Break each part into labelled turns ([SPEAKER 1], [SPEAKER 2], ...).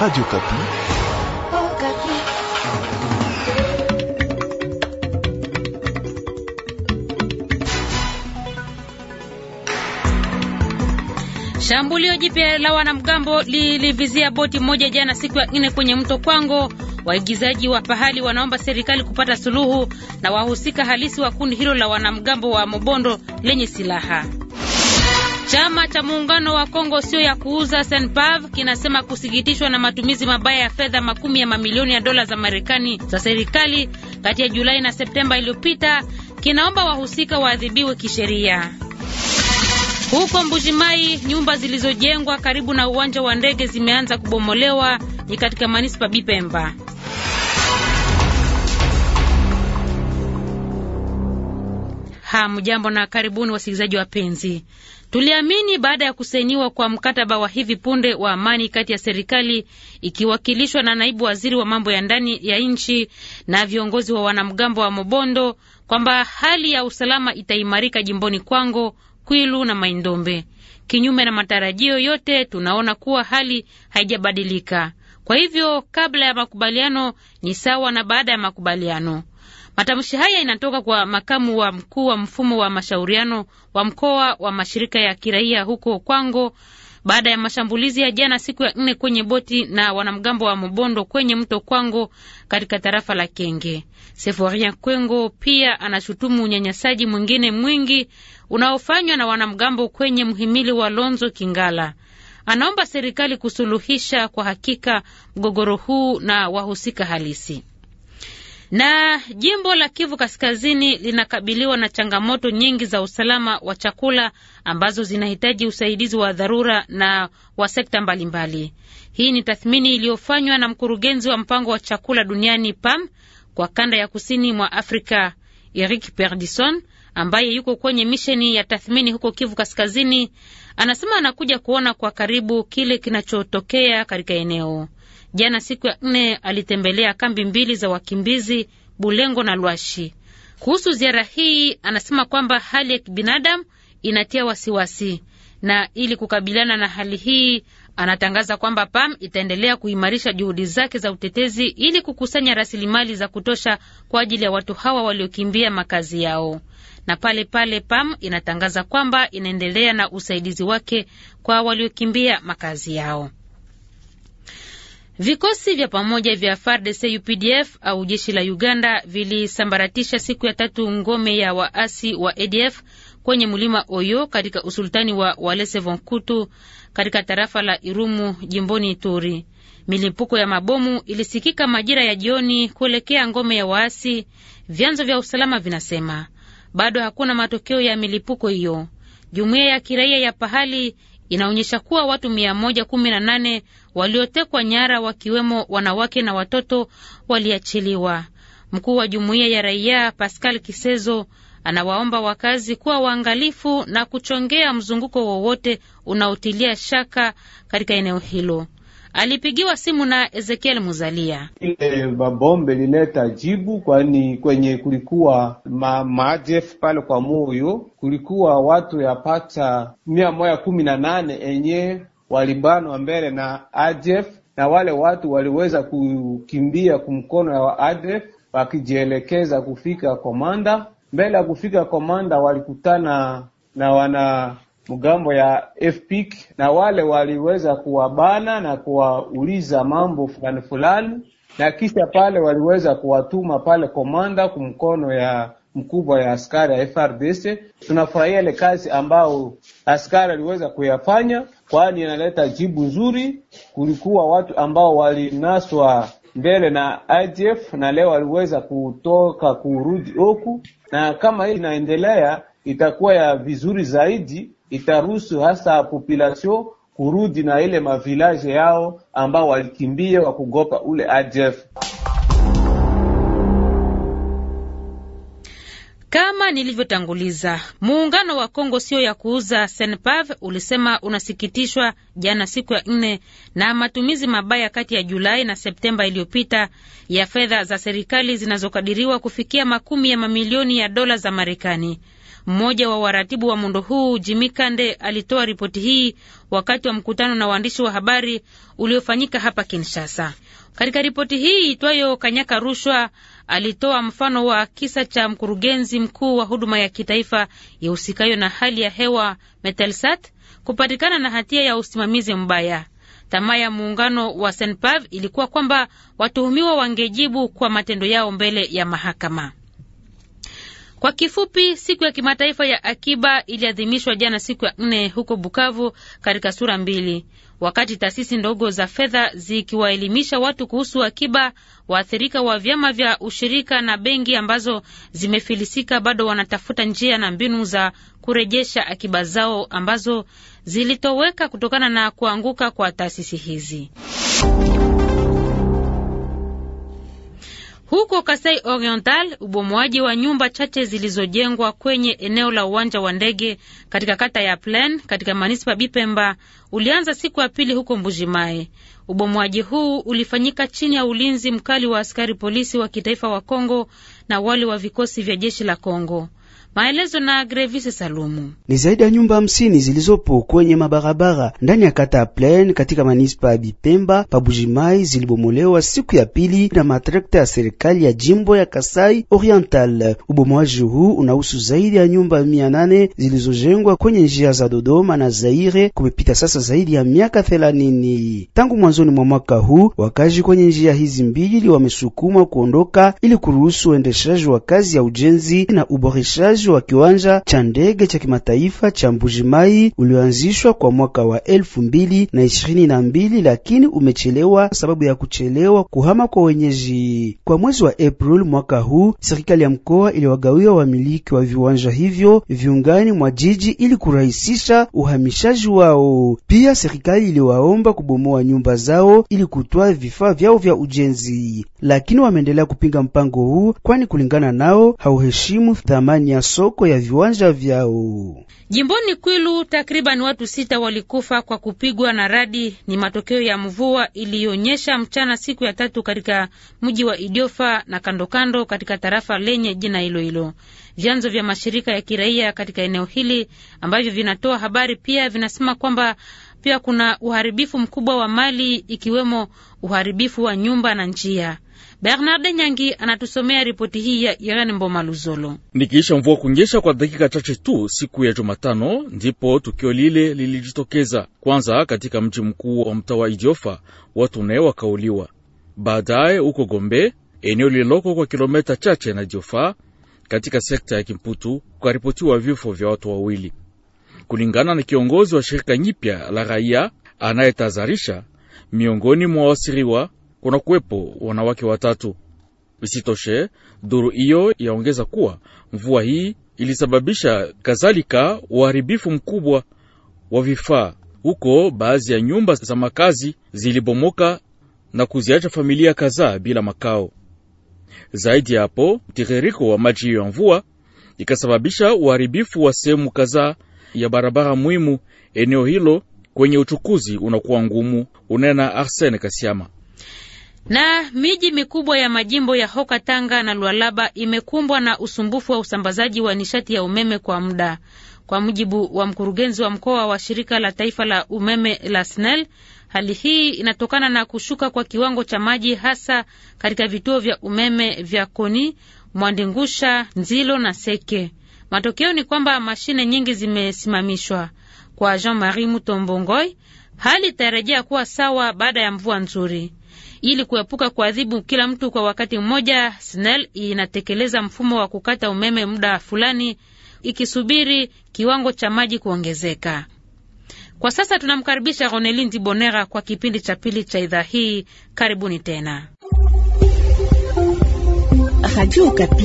[SPEAKER 1] Radio Kapi.
[SPEAKER 2] Oh, Kapi.
[SPEAKER 3] Shambulio jipya la wanamgambo lilivizia boti moja jana siku ya nne kwenye mto Kwango. Waigizaji wa pahali wanaomba serikali kupata suluhu na wahusika halisi wa kundi hilo la wanamgambo wa Mobondo lenye silaha. Chama cha muungano wa Kongo sio ya kuuza Senpav kinasema kusikitishwa na matumizi mabaya ya fedha makumi ya mamilioni ya dola za Marekani za serikali kati ya Julai na Septemba iliyopita. Kinaomba wahusika waadhibiwe kisheria. Huko Mbujimai, nyumba zilizojengwa karibu na uwanja wa ndege zimeanza kubomolewa, ni katika manispa Bipemba. Hamjambo na karibuni wasikilizaji wapenzi. Tuliamini baada ya kusainiwa kwa mkataba wa hivi punde wa amani kati ya serikali ikiwakilishwa na naibu waziri wa mambo ya ndani ya nchi na viongozi wa wanamgambo wa Mobondo kwamba hali ya usalama itaimarika jimboni Kwango, Kwilu na Maindombe. Kinyume na matarajio yote, tunaona kuwa hali haijabadilika. Kwa hivyo kabla ya makubaliano ni sawa na baada ya makubaliano. Matamshi haya inatoka kwa makamu wa mkuu wa mfumo wa mashauriano wa mkoa wa mashirika ya kiraia huko Kwango baada ya mashambulizi ya jana siku ya nne kwenye boti na wanamgambo wa Mobondo kwenye mto Kwango katika tarafa la Kenge. Seforia Kwengo pia anashutumu unyanyasaji mwingine mwingi unaofanywa na wanamgambo kwenye mhimili wa Lonzo Kingala. Anaomba serikali kusuluhisha kwa hakika mgogoro huu na wahusika halisi. Na jimbo la Kivu Kaskazini linakabiliwa na changamoto nyingi za usalama wa chakula ambazo zinahitaji usaidizi wa dharura na wa sekta mbalimbali. Hii ni tathmini iliyofanywa na mkurugenzi wa mpango wa chakula duniani PAM kwa kanda ya kusini mwa Afrika, Eric Perdison, ambaye yuko kwenye misheni ya tathmini huko Kivu Kaskazini. Anasema anakuja kuona kwa karibu kile kinachotokea katika eneo. Jana siku ya nne alitembelea kambi mbili za wakimbizi Bulengo na Lwashi. Kuhusu ziara hii, anasema kwamba hali ya kibinadamu inatia wasiwasi, na ili kukabiliana na hali hii, anatangaza kwamba PAM itaendelea kuimarisha juhudi zake za utetezi ili kukusanya rasilimali za kutosha kwa ajili ya watu hawa waliokimbia makazi yao. Na pale pale PAM inatangaza kwamba inaendelea na usaidizi wake kwa waliokimbia makazi yao. Vikosi vya pamoja vya FARDC UPDF au jeshi la Uganda vilisambaratisha siku ya tatu ngome ya waasi wa ADF kwenye mlima Oyo katika usultani wa Walese Vonkutu katika tarafa la Irumu jimboni Ituri. Milipuko ya mabomu ilisikika majira ya jioni kuelekea ngome ya waasi, vyanzo vya usalama vinasema. Bado hakuna matokeo ya milipuko hiyo. Jumuiya ya kiraia ya pahali inaonyesha kuwa watu 118 waliotekwa nyara wakiwemo wanawake na watoto waliachiliwa. Mkuu wa jumuiya ya raia Pascal Kisezo anawaomba wakazi kuwa waangalifu na kuchongea mzunguko wowote unaotilia shaka katika eneo hilo alipigiwa simu na Ezekiel Muzalia.
[SPEAKER 4] Ile mabombe lileta jibu, kwani kwenye kulikuwa ma, maajef pale kwa moyo kulikuwa watu yapata mia moja kumi na nane enye walibanwa mbele na ajef, na wale watu waliweza kukimbia kumkono ya ajef wakijielekeza kufika komanda. Mbele ya kufika komanda walikutana na wana mgambo ya FPIC na wale waliweza kuwabana na kuwauliza mambo fulani fulani, na kisha pale waliweza kuwatuma pale komanda kumkono ya mkubwa ya askari ya FRDC. Tunafurahia ile kazi ambao askari aliweza kuyafanya, kwani inaleta jibu nzuri. Kulikuwa watu ambao walinaswa mbele na IDF na leo waliweza kutoka kurudi huku, na kama hii inaendelea itakuwa ya vizuri zaidi itaruhusu hasa population kurudi na ile mavilaje yao ambao walikimbia wa kugopa ule ADF.
[SPEAKER 3] Kama nilivyotanguliza, muungano wa Kongo sio ya kuuza Senpav ulisema unasikitishwa jana siku ya nne na matumizi mabaya kati ya Julai na Septemba iliyopita ya fedha za serikali zinazokadiriwa kufikia makumi ya mamilioni ya dola za Marekani. Mmoja wa waratibu wa muundo huu Jimi Kande alitoa ripoti hii wakati wa mkutano na waandishi wa habari uliofanyika hapa Kinshasa. Katika ripoti hii itwayo Kanyaka Rushwa, alitoa mfano wa kisa cha mkurugenzi mkuu wa huduma ya kitaifa ya usikayo na hali ya hewa Metelsat kupatikana na hatia ya usimamizi mbaya. Tamaa ya muungano wa Senpav ilikuwa kwamba watuhumiwa wangejibu kwa matendo yao mbele ya mahakama. Kwa kifupi, siku ya kimataifa ya akiba iliadhimishwa jana siku ya nne huko Bukavu katika sura mbili, wakati taasisi ndogo za fedha zikiwaelimisha watu kuhusu akiba. Waathirika wa vyama vya ushirika na benki ambazo zimefilisika bado wanatafuta njia na mbinu za kurejesha akiba zao ambazo zilitoweka kutokana na kuanguka kwa taasisi hizi. Huko Kasai Oriental, ubomoaji wa nyumba chache zilizojengwa kwenye eneo la uwanja wa ndege katika kata ya Plan katika manispa Bipemba ulianza siku ya pili huko Mbujimae. Ubomoaji huu ulifanyika chini ya ulinzi mkali wa askari polisi wa kitaifa wa Kongo na wale wa vikosi vya jeshi la Kongo. Maelezo na Grevisi Salumu.
[SPEAKER 5] Ni zaidi ya nyumba hamsini zilizopo kwenye mabarabara ndani ya kata ya Plaine katika manispa ya Bipemba Pabujimai zilibomolewa siku ya pili na matrekta ya serikali ya jimbo ya Kasai Oriental. Ubomoaji huu unahusu zaidi ya nyumba mia nane zilizojengwa kwenye njia za Dodoma na Zaire kumepita sasa zaidi ya miaka thelathini tangu mwanzoni mwa mwaka huu. Wakazi kwenye njia hizi mbili wamesukuma kuondoka ili kuruhusu uendeshaji wa kazi ya ujenzi na uboreshaji ujenzi wa kiwanja cha ndege cha kimataifa cha Mbujimai ulioanzishwa kwa mwaka wa elfu mbili na ishirini na mbili lakini umechelewa sababu ya kuchelewa kuhama kwa wenyeji. Kwa mwezi wa April mwaka huu, serikali ya mkoa iliwagawia wamiliki wa viwanja hivyo viungani mwa jiji ili kurahisisha uhamishaji wao. Pia serikali iliwaomba kubomoa nyumba zao ili kutoa vifaa vyao vya ujenzi, lakini wameendelea kupinga mpango huu, kwani kulingana nao hauheshimu thamani ya masoko ya viwanja vyao.
[SPEAKER 3] Jimboni Kwilu, takriban watu sita walikufa kwa kupigwa na radi. Ni matokeo ya mvua iliyonyesha mchana siku ya tatu katika mji wa Idiofa na kandokando katika tarafa lenye jina hilo hilo. Vyanzo vya mashirika ya kiraia katika eneo hili ambavyo vinatoa habari pia vinasema kwamba pia kuna uharibifu mkubwa wa mali ikiwemo uharibifu wa nyumba na njia. Bernard Nyangi anatusomea ripoti hii ya Irene Mboma Luzolo.
[SPEAKER 1] Nikiisha mvua kunyesha kwa dakika chache tu siku ya Jumatano, ndipo tukio lile lilijitokeza kwanza katika mji mkuu wa mtaa wa Idiofa, watu naye wakauliwa. Baadaye huko Gombe, eneo lililoko kwa kilomita chache na Idiofa katika sekta ya Kimputu, kukaripotiwa vifo vya watu wawili, kulingana na kiongozi wa shirika nyipya la raia anayetazarisha miongoni mwa wasiriwa kuwepo wanawake watatu. Isitoshe, duru hiyo yaongeza kuwa mvua hii ilisababisha kadhalika uharibifu mkubwa wa vifaa huko. Baadhi ya nyumba za makazi zilibomoka na kuziacha familia kadhaa bila makao. Zaidi ya hapo, mtiririko wa maji ya mvua ikasababisha uharibifu wa sehemu kadhaa ya barabara muhimu eneo hilo kwenye uchukuzi unakuwa ngumu, unena Arsene Kasiama.
[SPEAKER 3] Na miji mikubwa ya majimbo ya Hoka Tanga na Lualaba imekumbwa na usumbufu wa usambazaji wa nishati ya umeme kwa muda. Kwa mujibu wa mkurugenzi wa mkoa wa shirika la taifa la umeme la SNEL, hali hii inatokana na kushuka kwa kiwango cha maji hasa katika vituo vya umeme vya Koni, Mwandingusha, Nzilo na Seke. Matokeo ni kwamba mashine nyingi zimesimamishwa. Kwa Jean Marie Mutombongoi, hali itarejea kuwa sawa baada ya mvua nzuri. Ili kuepuka kuadhibu kila mtu kwa wakati mmoja, SNEL inatekeleza mfumo wa kukata umeme muda fulani, ikisubiri kiwango cha maji kuongezeka. Kwa sasa tunamkaribisha Ronelin Dibonera kwa kipindi cha pili cha idhaa hii. Karibuni tena.
[SPEAKER 6] Radio Okapi.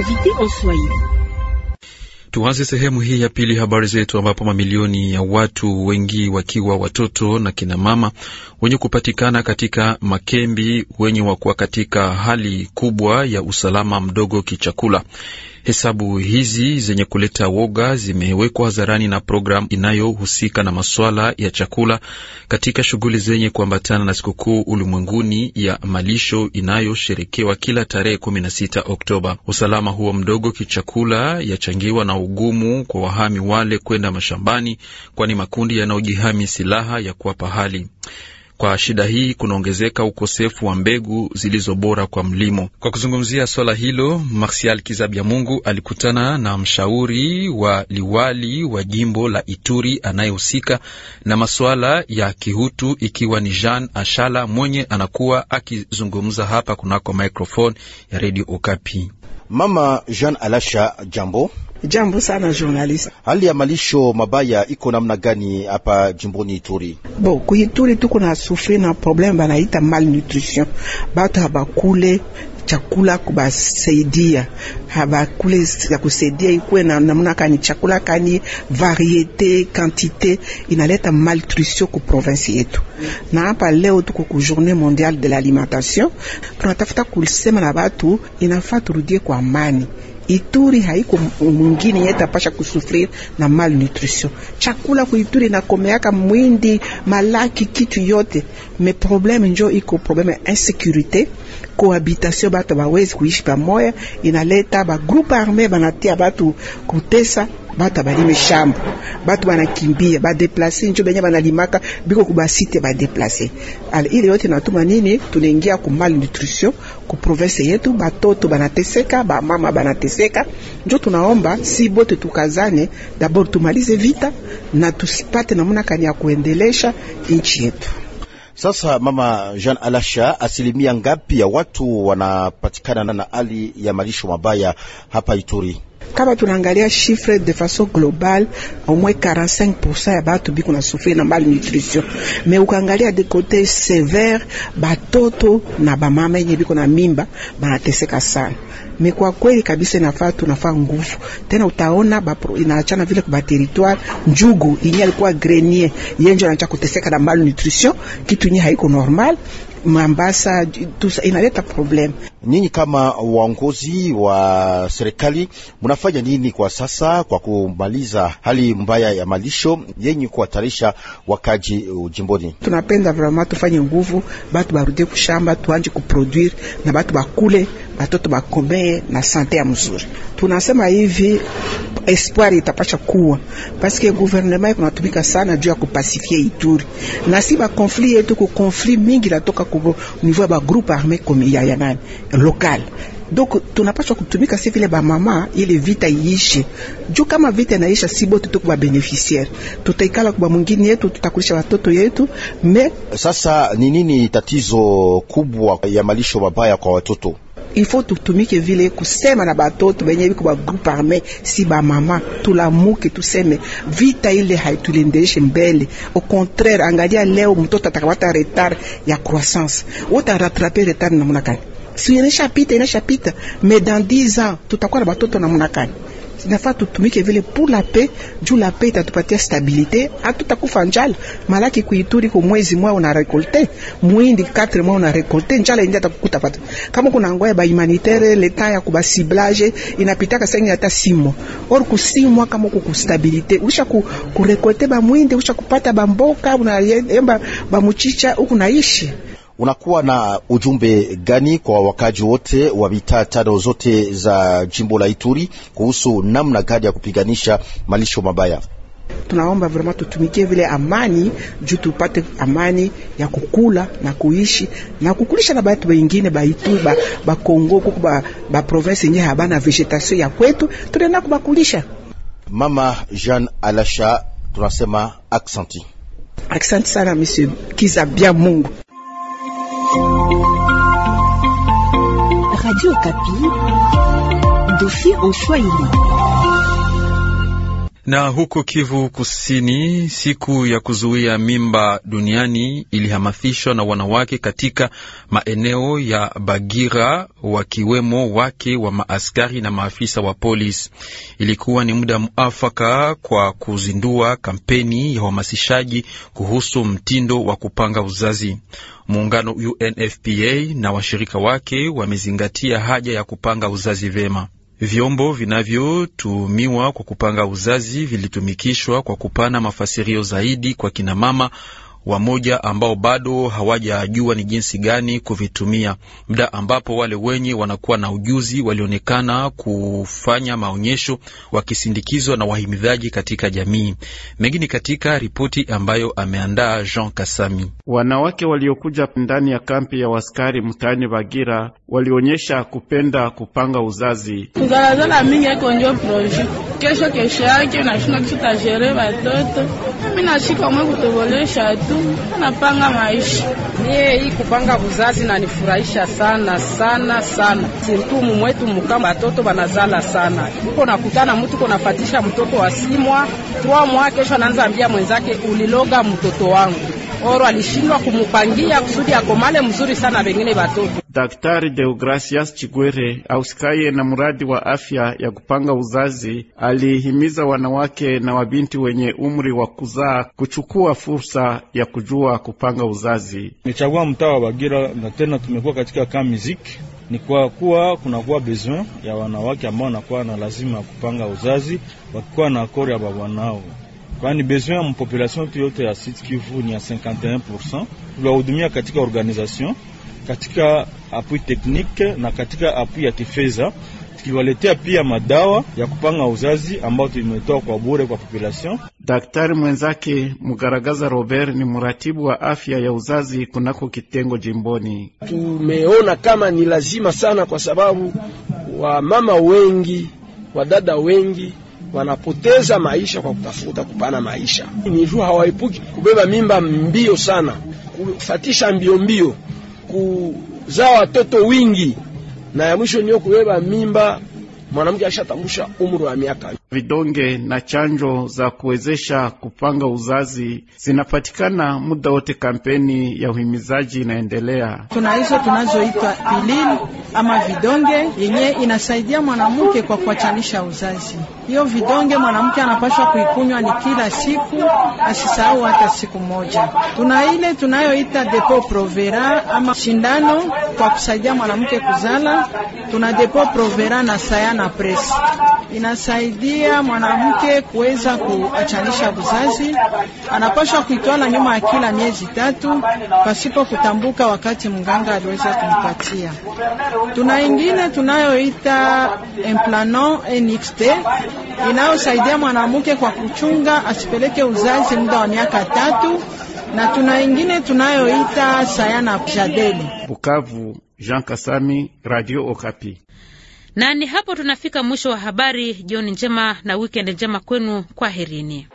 [SPEAKER 6] Invité en Swahili.
[SPEAKER 7] Tuanze sehemu hii ya pili habari zetu, ambapo mamilioni ya watu wengi wakiwa watoto na kina mama wenye kupatikana katika makembi wenye wakuwa katika hali kubwa ya usalama mdogo kichakula. Hesabu hizi zenye kuleta woga zimewekwa hadharani na programu inayohusika na maswala ya chakula katika shughuli zenye kuambatana na sikukuu ulimwenguni ya malisho inayosherekewa kila tarehe 16 Oktoba. Usalama huo mdogo kichakula yachangiwa na ugumu kwa wahami wale kwenda mashambani, kwani makundi yanayojihami silaha ya kuwapa hali kwa shida hii kunaongezeka ukosefu wa mbegu zilizobora kwa mlimo. Kwa kuzungumzia swala hilo, Marsial mungu alikutana na mshauri wa liwali wa jimbo la Ituri anayehusika na masuala ya kihutu, ikiwa ni Jean Ashala mwenye anakuwa akizungumza hapa kunako microphone ya Radio Okapi.
[SPEAKER 8] Mama Jean Alasha, jambo Jambo sana journalist. Hali ya malisho mabaya iko namna gani hapa jimboni Ituri?
[SPEAKER 6] Bo, ku Ituri tuko na sufri na problem banaita malnutrition. Batu habakule chakula kubasaidia, habakule ya kusaidia ikuwe na namna kani chakula kani variete quantite inaleta malnutrition ku province yetu. Na hapa leo tuko ku journée mondiale de l'alimentation, tunatafuta kusema na batu inafaa turudie kwa amani. Ituri haiko mwingine yeta pasha kusufrir na malnutrition. Chakula ku Ituri komeaka mwindi malaki kitu yote, me probleme njo iko probleme ya insecurite cohabitation, batu bawezi kuishi pamoya, inaleta ba groupe arme banatia batu kutesa batu balime shamba, batu banakimbia, badeplase njo benye banalimaka biko kubasite badeplase. Ala, ile yote natuma nini? Tunaingia ku malnutrition ku province yetu, batoto banateseka, ba mama banateseka. Njo tunaomba si bote tukazane, dabord tumalize vita na tusipate namna kani ya kuendelesha
[SPEAKER 8] nchi yetu. Sasa mama Jean Alasha, asilimia ngapi ya watu wanapatikana na hali ya malisho mabaya hapa Ituri? Kama tunaangalia
[SPEAKER 6] shifre de fason global, au moins 45% ya batu biko na sufri na
[SPEAKER 8] malnutrition,
[SPEAKER 6] me ukaangalia de kote severe, batoto na bamama yenye biko na mimba banateseka sana. Me kwa kweli kabisa inafaa tunafaa nguvu tena, utaona inaachana vile kwa territoire njugu yenye alikuwa grenier yenje anaanza
[SPEAKER 8] kuteseka na malnutrition, kitu yenye haiko normal Mambasa, tout inaleta problème Nyinyi kama waongozi wa serikali mnafanya nini kwa sasa kwa kumaliza hali mbaya ya malisho yenye kuhatarisha wakaji uh, jimboni? Tunapenda vraiment tufanye nguvu, batu barudie kushamba, tuanje kuproduire
[SPEAKER 6] na batu bakule, batoto bakomee na sante ya mzuri. Tunasema hivi espoir itapasha kuwa paske gouvernement kunatumika sana juu ya kupasifia Ituri na si ba konflit yetu, ku konflit mingi natoka ku niveau ya ba groupe arme komi ya yanani local donc tunapaswa kutumika si vile bamama ile vita iishe juu, kama vita inaisha, si bote tuko ba beneficiaire, tutaikala kwa mwingine yetu, tutakulisha
[SPEAKER 8] watoto yetu. Me sasa ni nini tatizo kubwa ya malisho mabaya kwa watoto? Ifo tutumike vile kusema na batoto benye biko ba groupe arme, si
[SPEAKER 6] ba mama tulamuke, tuseme vita ile haitulendeshe mbele. Au contraire, angalia leo mtoto atakapata retard ya croissance, uta rattraper retard namna gani? si inashapita inashapita, mais dans 10 ans tutakuwa na batoto namna gani? Inafaa tutumike vile pour la paix, juu la paix itatupatia stabilite, hatutakufa njala. Malaki kuituri kwa mwezi mwa una rekolte mwindi 4 mwa una rekolte, njala ndio atakukuta pata. Kama kuna ngoya ba humanitaire leta ya kuba ciblage inapitaka sengi hata simo or kusimwa kama uko ku stabilite, usha ku, ku rekolte ba mwindi usha kupata ba mboka unayemba eh, ba mchicha huko naishi
[SPEAKER 8] unakuwa na ujumbe gani kwa wakaji wote wa mitaa tano zote za jimbo la Ituri kuhusu namna gani ya kupiganisha malisho mabaya?
[SPEAKER 6] Tunaomba vraiment tutumikie vile amani juu tupate amani ya kukula na kuishi na kukulisha na batu wengine baitu
[SPEAKER 8] ba, ba Kongo
[SPEAKER 6] kuko ba, ba province habana vegetation ya kwetu, tunaenda kubakulisha.
[SPEAKER 8] Mama Jean Alasha, tunasema aksanti, aksanti sana monsieur, kiza bia Mungu.
[SPEAKER 6] Radio Okapi, dossier en Swahili.
[SPEAKER 7] Na huko Kivu Kusini, siku ya kuzuia mimba duniani ilihamasishwa na wanawake katika maeneo ya Bagira, wakiwemo wake wa maaskari na maafisa wa polisi. Ilikuwa ni muda mwafaka kwa kuzindua kampeni ya uhamasishaji kuhusu mtindo wa kupanga uzazi. Muungano UNFPA na washirika wake wamezingatia haja ya kupanga uzazi vema. Vyombo vinavyotumiwa kwa kupanga uzazi vilitumikishwa kwa kupana mafasirio zaidi kwa kinamama wamoja ambao bado hawajajua ni jinsi gani kuvitumia, muda ambapo wale wenye wanakuwa na ujuzi walionekana kufanya maonyesho wakisindikizwa na wahimidhaji katika jamii. Mengi ni katika ripoti ambayo ameandaa Jean Kasami.
[SPEAKER 2] Wanawake waliokuja ndani ya kampi ya waskari mtaani Bagira walionyesha kupenda kupanga uzazi
[SPEAKER 3] Zalazala mingi eko njo proje kesho kesho yake nashina kitajere watoto nashika mwe kutobolesha tu anapanga maisha. Mie hii kupanga buzazi nanifurahisha sana
[SPEAKER 6] sana sana, sirtu mumwetu muka batoto banazala sana, uko nakutana mtu uko nafatisha mtoto wa simwa twa mwa, kesho anaanza ambia mwenzake uliloga mtoto wangu oro, alishindwa kumupangia kusudi akomale mzuri sana, bengine batoto
[SPEAKER 2] Daktari Deogracias Chigwere ausikaye na mradi wa afya ya kupanga uzazi alihimiza wanawake na wabinti wenye umri wa kuzaa kuchukua fursa ya kujua kupanga uzazi. Nichagua mtaa wa Bagira na tena tumekuwa katika kamizik
[SPEAKER 1] ni kwa kuwa kunakuwa besoin ya wanawake ambao wanakuwa na lazima ya kupanga uzazi wakikuwa na akori ya babwanao, kwani besoin ya mpopulasyon tu yote ya Sud Kivu ni ya 51%. Tuliwahudumia katika organization katika apui
[SPEAKER 2] technique na katika apui ya kifedha tukiwaletea pia madawa ya kupanga uzazi ambayo tumetoa kwa bure kwa population. Daktari mwenzake Mugaragaza Robert ni mratibu wa afya ya uzazi kunako kitengo jimboni.
[SPEAKER 8] Tumeona kama ni lazima sana, kwa sababu wamama wengi, wadada wengi wanapoteza maisha kwa kutafuta kupana maisha, ni juu hawaepuki kubeba mimba mbio sana, kufatisha mbio mbio kuzaa watoto wingi, na ya mwisho niyo kubeba mimba mwanamke ashatambusha umri wa miaka.
[SPEAKER 2] Vidonge na chanjo za kuwezesha kupanga uzazi zinapatikana muda wote. Kampeni ya uhimizaji inaendelea.
[SPEAKER 6] Tuna hizo tunazoitwa pilini ama vidonge yenye inasaidia mwanamke kwa kuachanisha uzazi. Hiyo vidonge mwanamke anapashwa kuikunywa ni kila siku, asisahau hata siku moja. Tuna ile tunayoita depo provera ama shindano kwa kusaidia mwanamke kuzala. Tuna depo provera na sayana na presi inasaidia mwanamke kuweza kuachanisha uzazi.
[SPEAKER 5] Anapaswa kuitwala nyuma
[SPEAKER 6] ya kila miezi tatu pasipo kutambuka wakati mganga aliweza kumpatia. Tuna ingine tunayoita Implanon NXT inayosaidia mwanamke kwa kuchunga asipeleke uzazi muda wa miaka tatu,
[SPEAKER 2] na tuna ingine tunayoita Sayana Jadeli. Bukavu, Jean Kasami, Radio Okapi.
[SPEAKER 3] Na ni hapo tunafika mwisho wa habari. Jioni njema na wikendi njema kwenu, kwaherini.